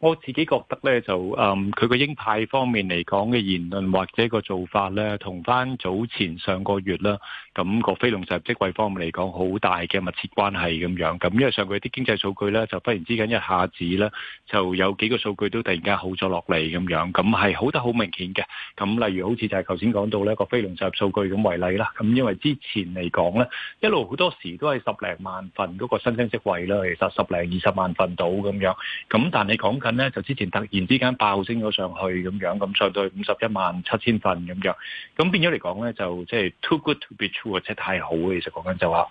我自己覺得咧就誒佢個鷹派方面嚟講嘅言論或者個做法咧，同返早前上個月啦，咁個非農就業職位方面嚟講，好大嘅密切關係咁樣。咁因為上個月啲經濟數據咧，就忽然之間一下子咧，就有幾個數據都突然間好咗落嚟咁樣，咁係好得好明顯嘅。咁例如好似就係頭先講到咧個非農就業數據咁為例啦。咁因為之前嚟講咧，一路好多時都係十零萬份嗰個新生職位啦，其實十零二十萬份到咁樣。咁但係你講緊咧就之前突然之間爆升咗上去咁樣，咁上到去五十一萬七千份咁樣，咁變咗嚟講咧就即係 too good to be true 啊，即係太好嘅。其實講緊就話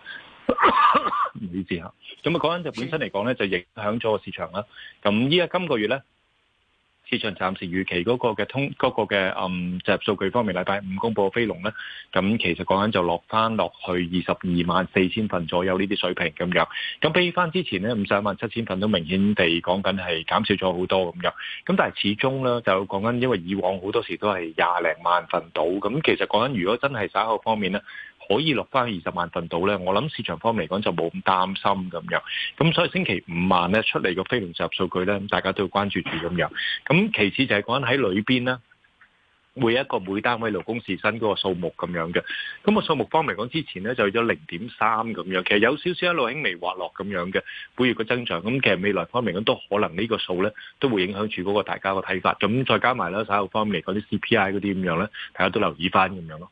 唔知點啊，咁啊講緊就本身嚟講咧就影響咗個市場啦。咁依家今個月咧。市場暫時預期嗰、嗰個嘅通嗰個嘅嗯集數據方面，禮拜五公佈飛龍咧，咁其實講緊就落翻落去二十二萬四千份左右呢啲水平咁樣，咁比翻之前咧五十一萬七千份都明顯地講緊係減少咗好多咁樣，咁但係始終咧就講緊，因為以往好多時都係廿零萬份到，咁其實講緊如果真係稍後方面咧。可以落翻二十萬份到呢。我諗市場方面嚟講就冇咁擔心咁樣，咁所以星期五晚呢，出嚟個非農十數據呢，咁大家都要關注住咁樣。咁其次就係講緊喺裏邊啦，每一個每單位勞工時薪嗰個數目咁樣嘅。咁個數目方面嚟講，之前呢就係咗零點三咁樣，其實有少少一路輕微滑落咁樣嘅每月個增長。咁其實未來方面都可能呢個數呢，都會影響住嗰個大家個睇法。咁再加埋咧，稍後方面嚟講啲 CPI 嗰啲咁樣呢，大家都留意翻咁樣咯。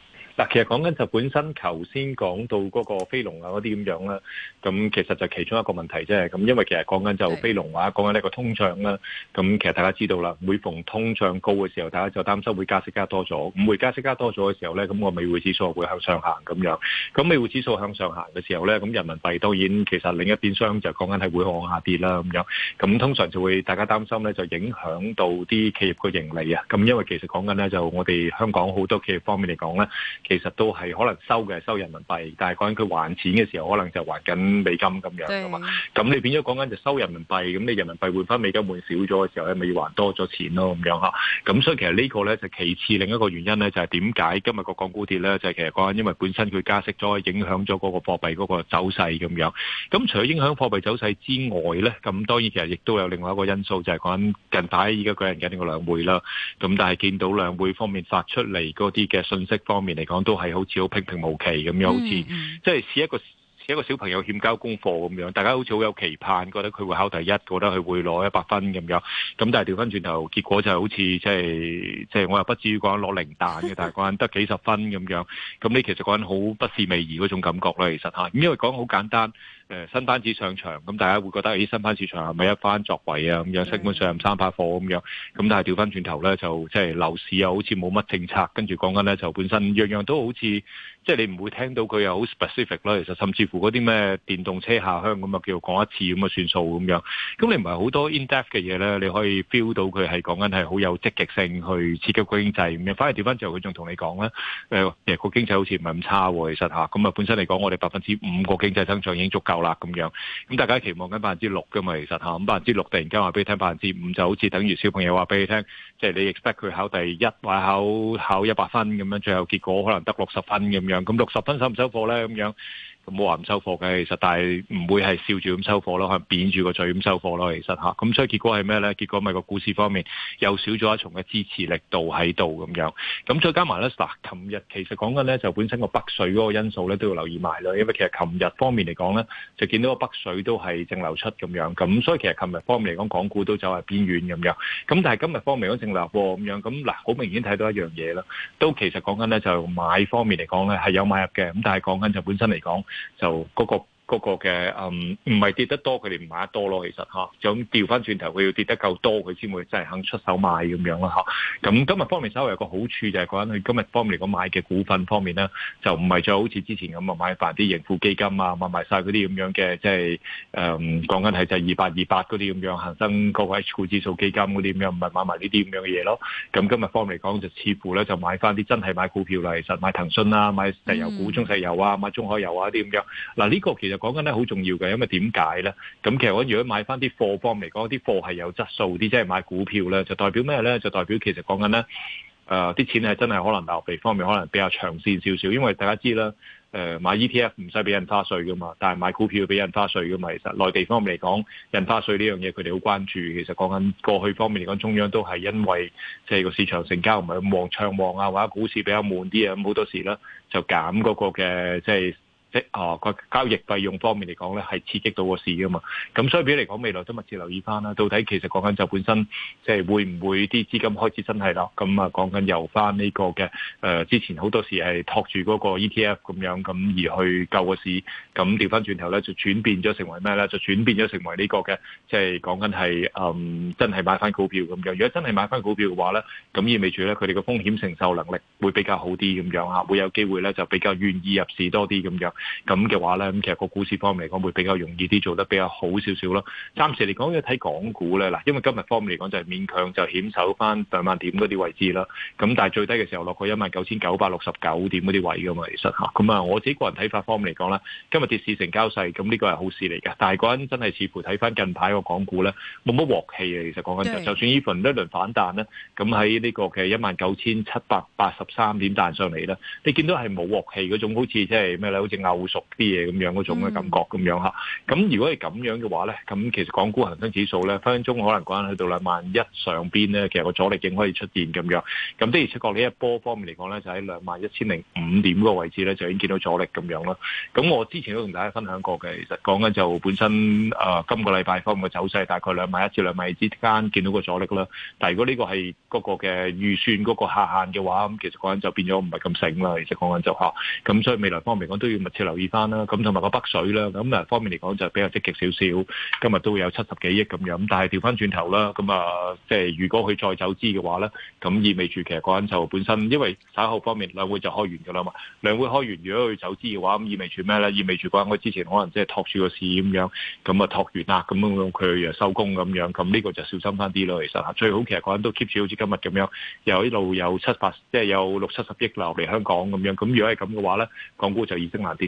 嗱，其實講緊就本身，頭先講到嗰個飛龍啊嗰啲咁樣啦，咁其實就其中一個問題啫。咁因為其實講緊就飛龍話講緊呢個通脹啦，咁其實大家知道啦，每逢通脹高嘅時候，大家就擔心會加息加多咗。咁會加息加多咗嘅時候咧，咁個美匯指數會向上行咁樣。咁美匯指數向上行嘅時候咧，咁人民幣當然其實另一邊商就講緊係會往下跌啦咁樣。咁通常就會大家擔心咧，就影響到啲企業嘅盈利啊。咁因為其實講緊咧就我哋香港好多企業方面嚟講咧。其實都係可能收嘅，收人民幣，但係講緊佢還錢嘅時，對時候，可能就還緊美金咁樣嘛。咁你變咗講緊就收人民幣，咁你人民幣換翻美金換少咗嘅時候，咧咪要還多咗錢咯咁樣。咁所以其實個呢個咧就是、其次另一個原因咧，就係點解今日個港股跌咧，就係、是、其實講緊因為本身佢加息咗，影響咗嗰個貨幣嗰個走勢咁樣。咁除咗影響貨幣走勢之外咧，咁當然其實亦都有另外一個因素，就係講緊近排而家舉行緊呢個兩會啦。咁但係見到兩會方面發出嚟嗰啲嘅信息方面嚟。講都係好似好平平無奇咁樣，mm hmm. 好似即係似一個似一個小朋友欠交功課咁樣，大家好似好有期盼，覺得佢會考第一，覺得佢會攞一百分咁樣，咁但係調翻轉頭，結果就係好似即係即係我又不至於講攞零蛋嘅，但係可能得幾十分咁樣，咁你其實講緊好不是味兒嗰種感覺啦，其實吓，咁因為講好簡單。新班子上場，咁大家會覺得咦新班子上係咪一番作為啊？咁樣基本上唔三把火咁樣，咁但係掉返轉頭咧，就即係樓市又好似冇乜政策，跟住講緊咧就本身樣樣都好似即係你唔會聽到佢又好 specific 啦。其實甚至乎嗰啲咩電動車下鄉咁啊，叫做講一次咁啊算數咁樣。咁你唔係好多 in-depth 嘅嘢咧，你可以 feel 到佢係講緊係好有積極性去刺激經濟咁樣。反而掉返轉頭佢仲同你講咧誒，其實個經濟好似唔係咁差喎，其實嚇咁啊，本身嚟講我哋百分之五個經濟增長已經足夠。啦咁樣，咁大家期望緊百分之六噶嘛，其實吓，咁百分之六突然間話俾你聽百分之五，就好似等於小朋友話俾你聽，即係你 expect 佢考第一，或考考一百分咁樣，最後結果可能得六十分咁樣，咁六十分收唔收貨咧咁樣？冇話唔收貨嘅，其實，但係唔會係笑住咁收貨咯，可能扁住個嘴咁收貨咯，其實嚇。咁、嗯、所以結果係咩咧？結果咪個股市方面又少咗一重嘅支持力度喺度咁樣。咁、嗯、再加埋咧，嗱，琴日其實講緊咧就本身個北水嗰個因素咧都要留意埋咯，因為其實琴日方面嚟講咧就見到個北水都係淨流出咁樣。咁、嗯、所以其實琴日方面嚟講，港股都走係邊遠咁樣。咁但係今日方面都淨入喎咁樣。咁嗱，好明顯睇到一樣嘢啦。都其實講緊咧就買方面嚟講咧係有買入嘅。咁但係講緊就本身嚟講。就嗰個。嗰個嘅嗯，唔係跌得多，佢哋唔買得多咯。其實就咁調翻轉頭，佢、啊、要跌得夠多，佢先會真係肯出手買咁樣咯嚇。咁、啊啊、今日方面稍微有個好處就係講緊佢今日方面嚟講買嘅股份方面咧，就唔係再好似之前咁啊買翻啲盈富基金啊，買埋晒嗰啲咁樣嘅，即係誒講緊係就係二八二八嗰啲咁樣恒生 H 股指數基金嗰啲咁樣，唔係買埋呢啲咁樣嘅嘢咯。咁、啊、今日方面嚟講就似乎咧就買翻啲真係買股票啦、啊，其實買騰訊啦、啊，買石油股中石油啊，買中海油啊啲咁樣。嗱、啊、呢、這個其實。講緊咧好重要嘅，因為點解咧？咁其實我如果買翻啲貨方面嚟講，啲貨係有質素啲，即係買股票咧，就代表咩咧？就代表其實講緊咧，誒、呃、啲錢係真係可能大陸地方面可能比較長線少少，因為大家知啦，誒、呃、買 ETF 唔使俾印花稅噶嘛，但係買股票俾印花稅噶嘛。其實內地方面嚟講，印花稅呢樣嘢佢哋好關注。其實講緊過去方面嚟講，中央都係因為即係個市場成交唔係咁旺、暢旺啊，或者股市比較悶啲啊，咁好多時咧就減嗰個嘅即係。即啊個交易費用方面嚟講咧，係刺激到個市噶嘛。咁所以嚟講，未來都密切留意翻啦。到底其實講緊就本身，即係會唔會啲資金開始真係啦？咁啊講緊由翻呢個嘅誒、呃、之前好多時係托住嗰個 ETF 咁樣咁而去救個市，咁調翻轉頭咧就轉變咗成為咩咧？就轉變咗成為呢個嘅即係講緊係嗯真係買翻股票咁樣。如果真係買翻股票嘅話咧，咁意味住咧佢哋嘅風險承受能力會比較好啲咁樣嚇，會有機會咧就比較願意入市多啲咁樣。咁嘅話咧，咁其實個股市方面嚟講，會比較容易啲，做得比較好少少咯。暫時嚟講要睇港股咧，嗱，因為今日方面嚟講就係勉強就險守翻兩萬點嗰啲位置啦。咁但係最低嘅時候落過一萬九千九百六十九點嗰啲位嘅嘛，其實嚇。咁啊，我自己個人睇法方面嚟講咧，今日跌市成交細，咁呢個係好事嚟嘅。但係嗰陣真係似乎睇翻近排個港股咧，冇乜鑊氣啊，其實講緊對就算一輪，算依份一輪反彈咧，咁喺呢個嘅一萬九千七百八十三點彈上嚟咧，你見到係冇鑊氣嗰種好，好似即係咩咧，好似厚熟啲嘢咁樣嗰種嘅感覺咁樣吓，咁如果係咁樣嘅話咧，咁其實港股恒生指數咧分分鐘可能講去到兩萬一上邊咧，其實個阻力已經可以出現咁樣，咁的而且確呢一波方面嚟講咧，就喺兩萬一千零五點個位置咧就已經見到阻力咁樣啦。咁我之前都同大家分享過嘅，其實講緊就本身誒今個禮拜方面嘅走勢大概兩萬一至兩萬之間見到個阻力啦。但係如果呢個係嗰個嘅預算嗰個下限嘅話，咁其實講緊就變咗唔係咁醒啦。其實講緊就吓，咁所以未來方面講都要密切。留意翻啦，咁同埋個北水啦，咁啊方面嚟講就比較積極少少，今日都會有七十幾億咁樣，但係調翻轉頭啦，咁啊即係如果佢再走資嘅話咧，咁意味住其實嗰陣就本身因為滯後方面兩會就開完噶啦嘛，兩會開完如果佢走資嘅話，咁意味住咩咧？意味住嗰陣佢之前可能即係託住個市咁樣，咁啊託完啦，咁樣佢又收工咁樣，咁呢個就小心翻啲咯。其實最好其實嗰陣都 keep 住好似今日咁樣，又一路有七八，即係有六七十億流嚟香港咁樣，咁如果係咁嘅話咧，港股就易升難跌。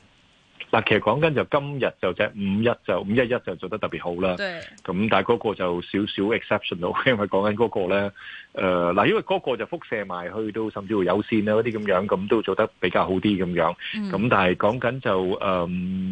嗱，其實講緊就今日就只五一就五一一就做得特別好啦。咁對但係嗰個就少少 exception 咯，因為講緊嗰個咧。誒，嗱，因為嗰個就輻射埋去到甚至會有線啦，嗰啲咁樣，咁都做得比較好啲咁樣。咁但係講緊就誒，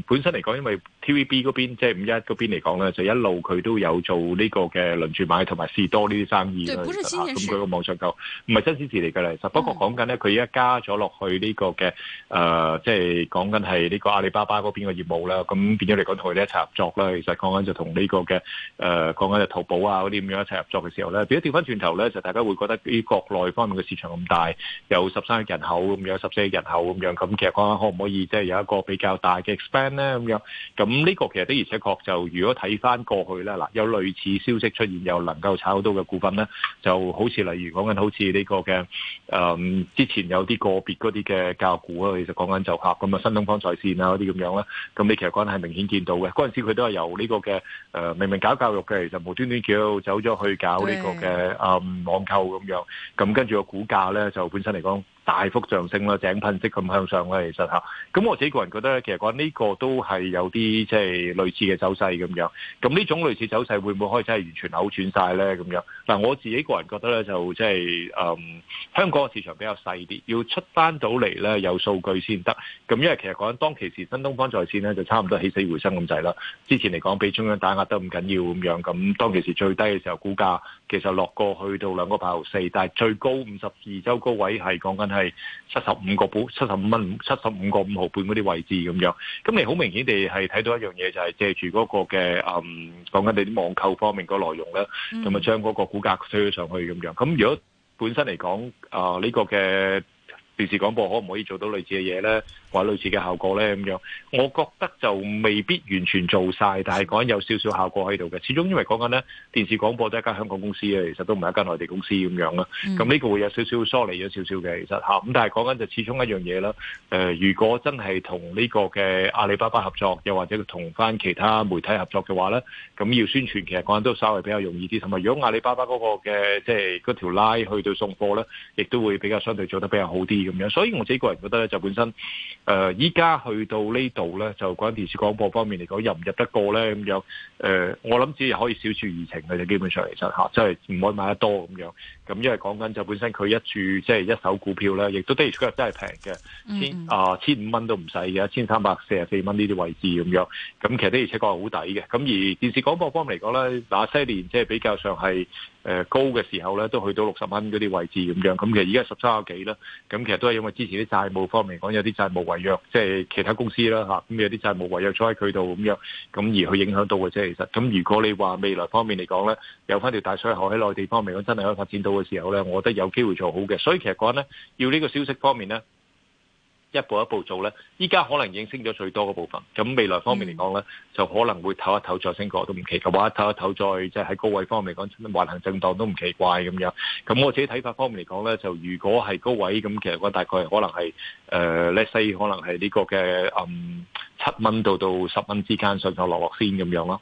本身嚟講，因為 T V B 嗰邊即係五一嗰邊嚟講咧，就一路佢都有做呢個嘅輪轉買同埋士多呢啲生意啦。吓，咁佢個網上就唔係新鮮事嚟噶啦。其實不過講緊咧，佢而家加咗落去呢個嘅誒，即係講緊係呢個阿里巴巴嗰邊嘅業務啦。咁變咗嚟講，同佢哋一齊合作啦。其實講緊就同呢個嘅誒，講緊就淘寶啊嗰啲咁樣一齊合作嘅時候咧，變咗調翻轉頭咧就。大家會覺得啲國內方面嘅市場咁大，有十三億人口咁樣，十四億人口咁樣，咁其實講緊可唔可以即係有一個比較大嘅 expand 咧咁樣？咁呢個其實的而且確就如果睇返過去咧，嗱有類似消息出現又能夠炒好多嘅股份咧，就好似例如講緊好似呢個嘅誒，之前有啲個別嗰啲嘅教育股啊，其實講緊就客咁啊，新東方在線啊嗰啲咁樣啦。咁你其實講緊係明顯見到嘅，嗰陣時佢都係由呢個嘅誒，明明搞教育嘅，其實無端端叫走咗去搞呢個嘅誒網購咁樣，咁跟住個股價咧就本身嚟講大幅上升啦，井噴式咁向上啦，其實吓。咁我自己個人覺得咧，其實講呢個都係有啲即係類似嘅走勢咁樣。咁呢種類似走勢會唔會開始係完全扭轉晒咧？咁樣嗱，我自己個人覺得咧就即係誒，香港嘅市場比較細啲，要出返到嚟咧有數據先得。咁因為其實講當其時新東方在線咧就差唔多起死回生咁滯啦。之前嚟講俾中央打壓得咁緊要咁樣，咁當其時最低嘅時候股價。其實落過去到兩個八毫四，但係最高五十二周高位係講緊係七十五個半、七十五蚊、七十五個五毫半嗰啲位置咁樣。咁你好明顯地係睇到一樣嘢，就係、是、借住嗰個嘅誒，講緊你啲網購方面個內容咧，同埋將嗰個股價推咗上去咁樣。咁如果本身嚟講，啊、呃、呢、呢個嘅電視廣播可唔可以做到類似嘅嘢咧？或者類似嘅效果咧咁樣，我覺得就未必完全做晒。但係講緊有少少效果喺度嘅。始終因為講緊咧電視廣播都係間香港公司啊，其實都唔係一間內地公司咁樣啦。咁呢、嗯、個會有少少疏離咗少少嘅，其實咁但係講緊就始終一樣嘢啦。誒、呃，如果真係同呢個嘅阿里巴巴合作，又或者同返其他媒體合作嘅話咧，咁要宣傳其實講緊都稍微比較容易啲，同埋如果阿里巴巴嗰個嘅即係嗰條拉去到送貨咧，亦都會比較相對做得比較好啲咁樣。所以我自己個人覺得咧，就本身。誒，依家去到呢度咧，就講電視廣播方面嚟講，入唔入得過咧咁樣？誒、呃，我諗只係可以少處怡情嘅啫，啫基本上其實嚇，即係唔可以買得多咁樣。咁因為講緊就本身佢一注即係一手股票咧，亦都的而且確真係平嘅，千啊千五蚊都唔使嘅，千三百四十四蚊呢啲位置咁樣。咁其實的而且確係好抵嘅。咁而電視廣播方面嚟講咧，那些年即係比較上係誒高嘅時候咧，都去到六十蚊嗰啲位置咁樣。咁其實而家十三啊幾啦。咁其實都係因為之前啲債務方面講有啲債務違約，即係其他公司啦嚇。咁有啲債務違約咗喺佢度咁樣，咁而去影響到嘅啫。其實咁如果你話未來方面嚟講咧，有翻條大水喉喺內地方面講，真係可以發展到。嘅時候咧，我覺得有機會做好嘅，所以其實講咧，要呢個消息方面咧，一步一步做咧，依家可能已經升咗最多嘅部分，咁未來方面嚟講咧，嗯、就可能會唞一唞再升過，都唔奇怪，或者唞一唞再即係喺高位方面講橫行震盪都唔奇怪咁樣。咁我自己睇法方面嚟講咧，就如果係高位咁，其實大概可能係誒，let's say 可能係呢個嘅嗯七蚊到到十蚊之間，上上落落先咁樣咯。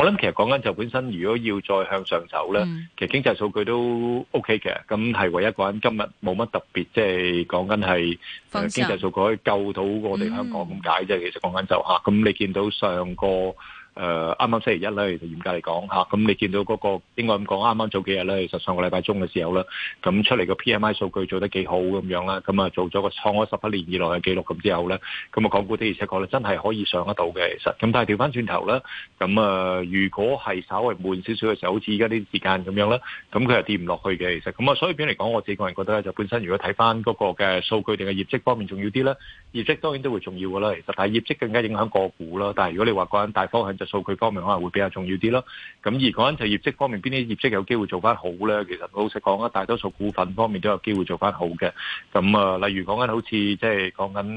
我諗其實講緊就本身，如果要再向上走咧，其實經濟數據都 OK 嘅，咁係唯一個人今日冇乜特別，即係講緊係經濟數據可以救到我哋香港咁解，即係其實講緊就吓，咁你見到上個。誒，啱啱星期一咧，就嚴格嚟講嚇，咁你見到嗰個應該咁講，啱啱早幾日咧，其實上個禮拜中嘅時候啦，咁出嚟個 PMI 數據做得幾好咁樣啦，咁啊做咗個創咗十一年以來嘅紀錄咁之後咧，咁啊港股的而且確咧真係可以上得到嘅，其實，咁但係調翻轉頭咧，咁啊如果係稍微悶少少嘅時候，好似而家呢啲時間咁樣啦，咁佢係跌唔落去嘅，其實，咁啊所以點嚟講，我自己個人覺得咧，就本身如果睇翻嗰個嘅數據定係業績方面重要啲咧，業績當然都會重要嘅啦，其實，但係業績更加影響個股啦，但係如果你話講大方向。就數據方面可能會比較重要啲咯。咁而講緊就業績方面，邊啲業績有機會做翻好咧？其實老實講啊，大多數股份方面都有機會做翻好嘅。咁啊，例如講緊好似即係講緊誒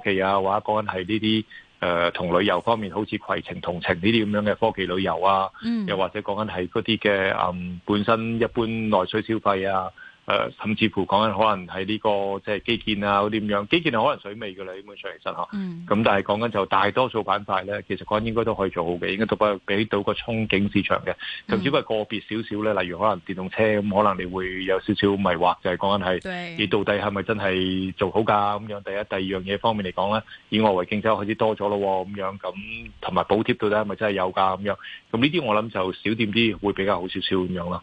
科技啊，或者講緊係呢啲誒同旅遊方面好似攜程、同程呢啲咁樣嘅科技旅遊啊。嗯。又或者講緊係嗰啲嘅誒本身一般內需消費啊。誒、呃，甚至乎講緊可能係呢、這個即係基建啊嗰啲咁樣，基建係可能水尾㗎啦，基本上其實嚇嗯。咁但係講緊就大多數板塊咧，其實講應該都可以做好嘅，應該都俾俾到個憧憬市場嘅。咁只不過個別少少咧，例如可能電動車咁，嗯嗯、可能你會有少少迷惑，就係講緊係你到底係咪真係做好㗎咁樣？第一、第二樣嘢方面嚟講咧，以外圍競爭開始多咗咯，咁樣咁同埋補貼到底係咪真係有㗎咁樣？咁呢啲我諗就少掂啲會比較好少少咁樣啦。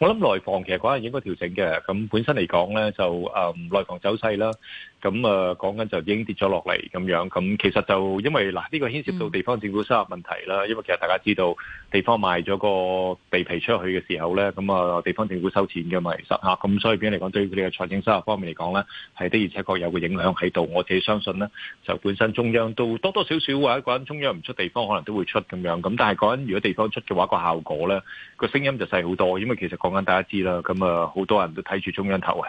我諗內房其實嗰係應該調整嘅，咁本身嚟講咧就誒內、呃、房走勢啦。咁啊，講緊就已經跌咗落嚟咁樣，咁其實就因為嗱，呢個牽涉到地方政府收入問題啦。因為其實大家知道，地方賣咗個地皮出去嘅時候咧，咁啊，地方政府收錢嘅嘛，其實嚇。咁所以點嚟講，對於佢哋嘅財政收入方面嚟講咧，係的而且確有個影響喺度。我自己相信咧，就本身中央都多多少少話講中央唔出地方，可能都會出咁樣。咁但係講緊如果地方出嘅話，個效果咧，個聲音就細好多，因為其實講緊大家知啦，咁啊好多人都睇住中央頭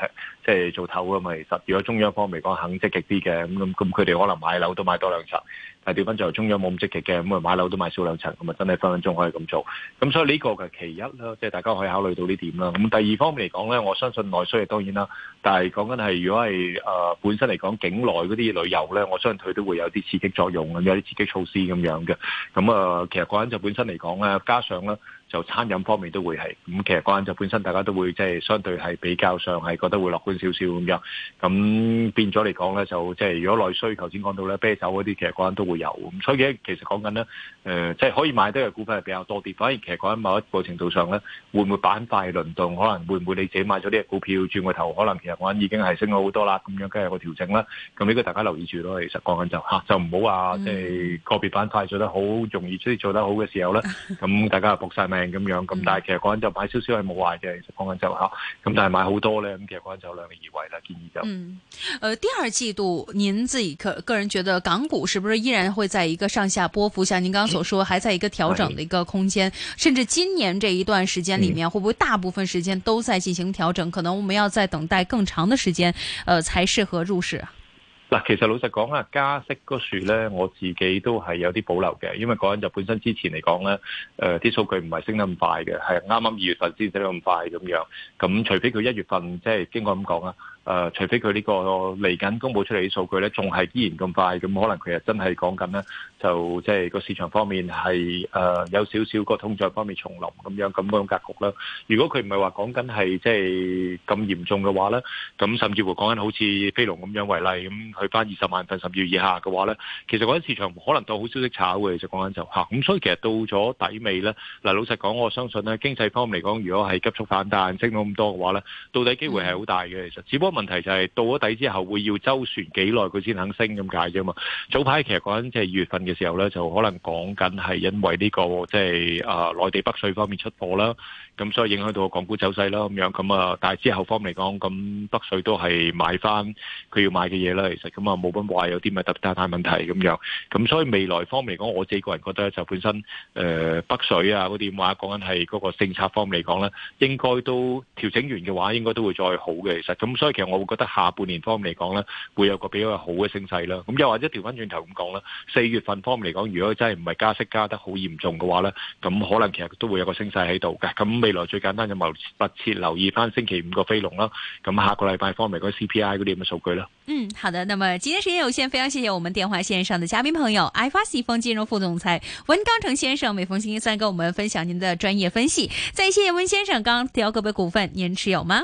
即係做頭噶嘛。其實如果中央方面，講肯積極啲嘅，咁咁咁佢哋可能買樓都買多兩層，但係調翻轉中央冇咁積極嘅，咁啊買樓都買少兩層，咁啊真係分分鐘可以咁做。咁所以呢個嘅其一啦，即、就、係、是、大家可以考慮到呢點啦。咁第二方面嚟講咧，我相信內需係當然啦，但係講緊係如果係誒、呃、本身嚟講，境內嗰啲旅遊咧，我相信佢都會有啲刺激作用，咁有啲刺激措施咁樣嘅。咁啊、呃，其實講緊就本身嚟講咧，加上咧。就餐飲方面都會係，咁其實講緊就本身大家都會即係相對係比較上係覺得會樂觀少少咁樣，咁變咗嚟講咧就即係如果內需，頭先講到咧啤酒嗰啲，其實講緊都會有，咁所以咧其實講緊咧，誒即係可以買得嘅股票係比較多啲，反而其實講緊某一個程度上咧，會唔會板塊輪動，可能會唔會你自己買咗啲股票轉個頭，可能其實講緊已經係升咗好多啦，咁樣梗係有個調整啦，咁呢個大家留意住咯。其實講緊就嚇就唔好話即係個別板塊做得好，容易即係做得好嘅時候咧，咁大家就搏曬命。咁、嗯、樣咁，但係其實嗰就買少少係冇壞嘅，其實講緊就咁但係買好多咧，咁其實講緊就兩面而為啦，建議就。嗯、呃，第二季度，您自己個個人覺得港股是不是依然會在一個上下波幅？像您剛剛所說，還在一個調整的一個空間，的甚至今年這一段時間裏面，會不會大部分時間都在進行調整？嗯、可能我們要再等待更長的時間、呃，才適合入市。嗱，其實老實講啊，加息嗰樹咧，我自己都係有啲保留嘅，因為嗰陣就本身之前嚟講咧，誒、呃、啲數據唔係升得咁快嘅，係啱啱二月份先升得咁快咁樣，咁除非佢一月份即係、就是、經過咁講啊。誒、呃，除非佢呢個嚟緊公佈出嚟嘅數據咧，仲係依然咁快，咁可能佢又真係講緊咧，就即係個市場方面係誒、呃、有少少個通脹方面重臨咁樣咁嗰種格局啦。如果佢唔係話講緊係即係咁嚴重嘅話咧，咁甚至乎講緊好似飛龍咁樣為例，咁去翻二十萬份甚至以下嘅話咧，其實嗰啲市場可能都好消息炒嘅。其實講緊就嚇，咁所以其實到咗底尾咧，嗱、呃、老實講，我相信咧經濟方面嚟講，如果係急速反彈升到咁多嘅話咧，到底機會係好大嘅。其實只不、嗯問題就係到咗底之後會要周旋幾耐佢先肯升咁解啫嘛。早排其實講緊即係二月份嘅時候咧，就可能講緊係因為呢個即係啊內地北水方面出貨啦，咁所以影響到個港股走勢啦咁樣。咁啊，但係之後方面嚟講，咁北水都係買翻佢要買嘅嘢啦。其實咁啊冇乜話有啲咩特大太問題咁樣。咁所以未來方面嚟講，我自己個人覺得就本身誒北水啊嗰啲咁話講緊係嗰個政策方面嚟講咧，應該都調整完嘅話，應該都會再好嘅。其實咁所以。我會覺得下半年方面嚟講呢，會有個比較好嘅升勢啦。咁又或者調翻轉頭咁講啦，四月份方面嚟講，如果真係唔係加息加得好嚴重嘅話呢，咁可能其實都會有個升勢喺度嘅。咁未來最簡單就密切留意翻星期五個飛龍啦。咁下個禮拜方面嚟講 CPI 嗰啲咁嘅數據啦。嗯，好的。那麼今天時間有限，非常謝謝我們電話線上的嘉賓朋友，iFAST 金融副總裁溫鋼城先生，每逢星期三跟我們分享您的專業分析。再謝謝溫先生，剛剛提到個別股份，您持有嗎？